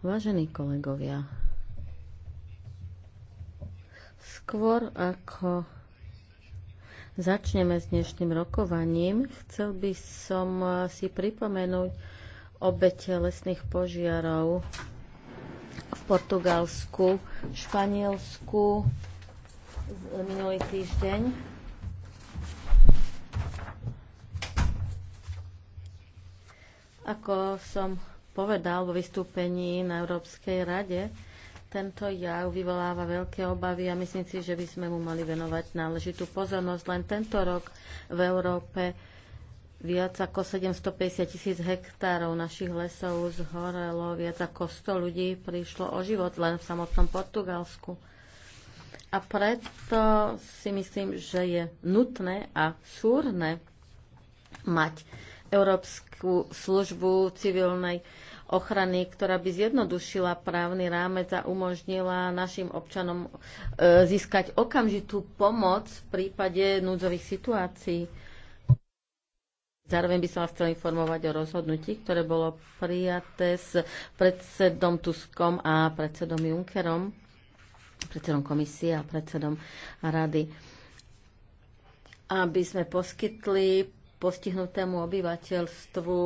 Vážení kolegovia, skôr ako začneme s dnešným rokovaním, chcel by som eh, si pripomenúť obete lesných požiarov v Portugalsku, Španielsku minulý týždeň. Ako som povedal vo vystúpení na Európskej rade, tento jav vyvoláva veľké obavy a myslím si, že by sme mu mali venovať náležitú pozornosť. Len tento rok v Európe viac ako 750 tisíc hektárov našich lesov zhorelo, viac ako 100 ľudí prišlo o život len v samotnom Portugalsku. A preto si myslím, že je nutné a súrne mať Európsku službu civilnej ochrany, ktorá by zjednodušila právny rámec a umožnila našim občanom e, získať okamžitú pomoc v prípade núdzových situácií. Zároveň by som vás chcel informovať o rozhodnutí, ktoré bolo prijaté s predsedom Tuskom a predsedom Junckerom, predsedom komisie a predsedom rady, aby sme poskytli postihnutému obyvateľstvu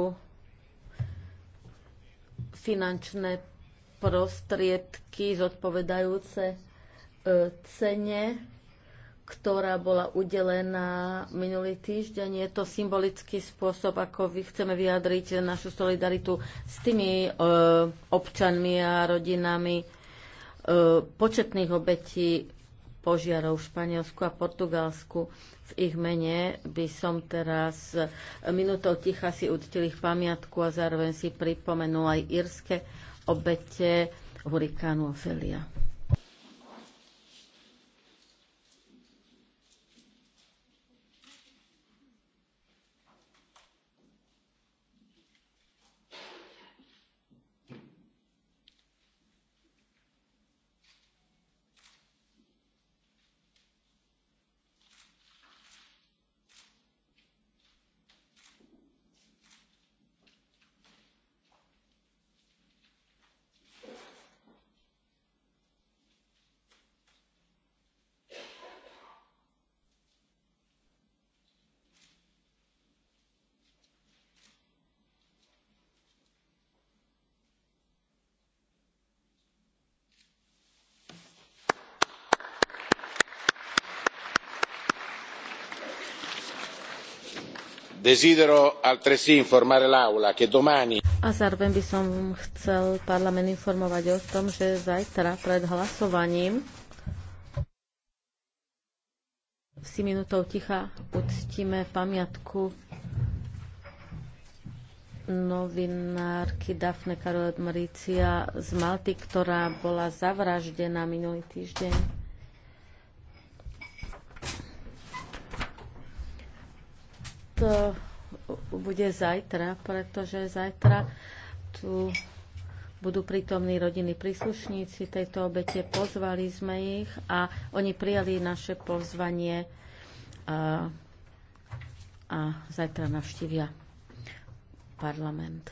finančné prostriedky zodpovedajúce e, cene, ktorá bola udelená minulý týždeň. Je to symbolický spôsob, ako chceme vyjadriť našu solidaritu s tými e, občanmi a rodinami e, početných obetí požiarov v Španielsku a Portugalsku. V ich mene by som teraz minútou ticha si uctil ich pamiatku a zároveň si pripomenul aj írske obete hurikánu Ofelia. desidero altresì informare l'aula che domani a zároveň by som chcel parlament informovať o tom, že zajtra pred hlasovaním si minútou ticha uctíme pamiatku novinárky Daphne Karolet Marícia z Malty, ktorá bola zavraždená minulý týždeň. bude zajtra, pretože zajtra tu budú prítomní rodiny príslušníci tejto obete. Pozvali sme ich a oni prijali naše pozvanie a, a zajtra navštívia parlament.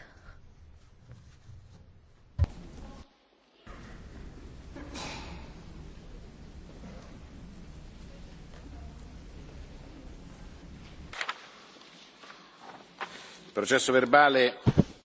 processo verbale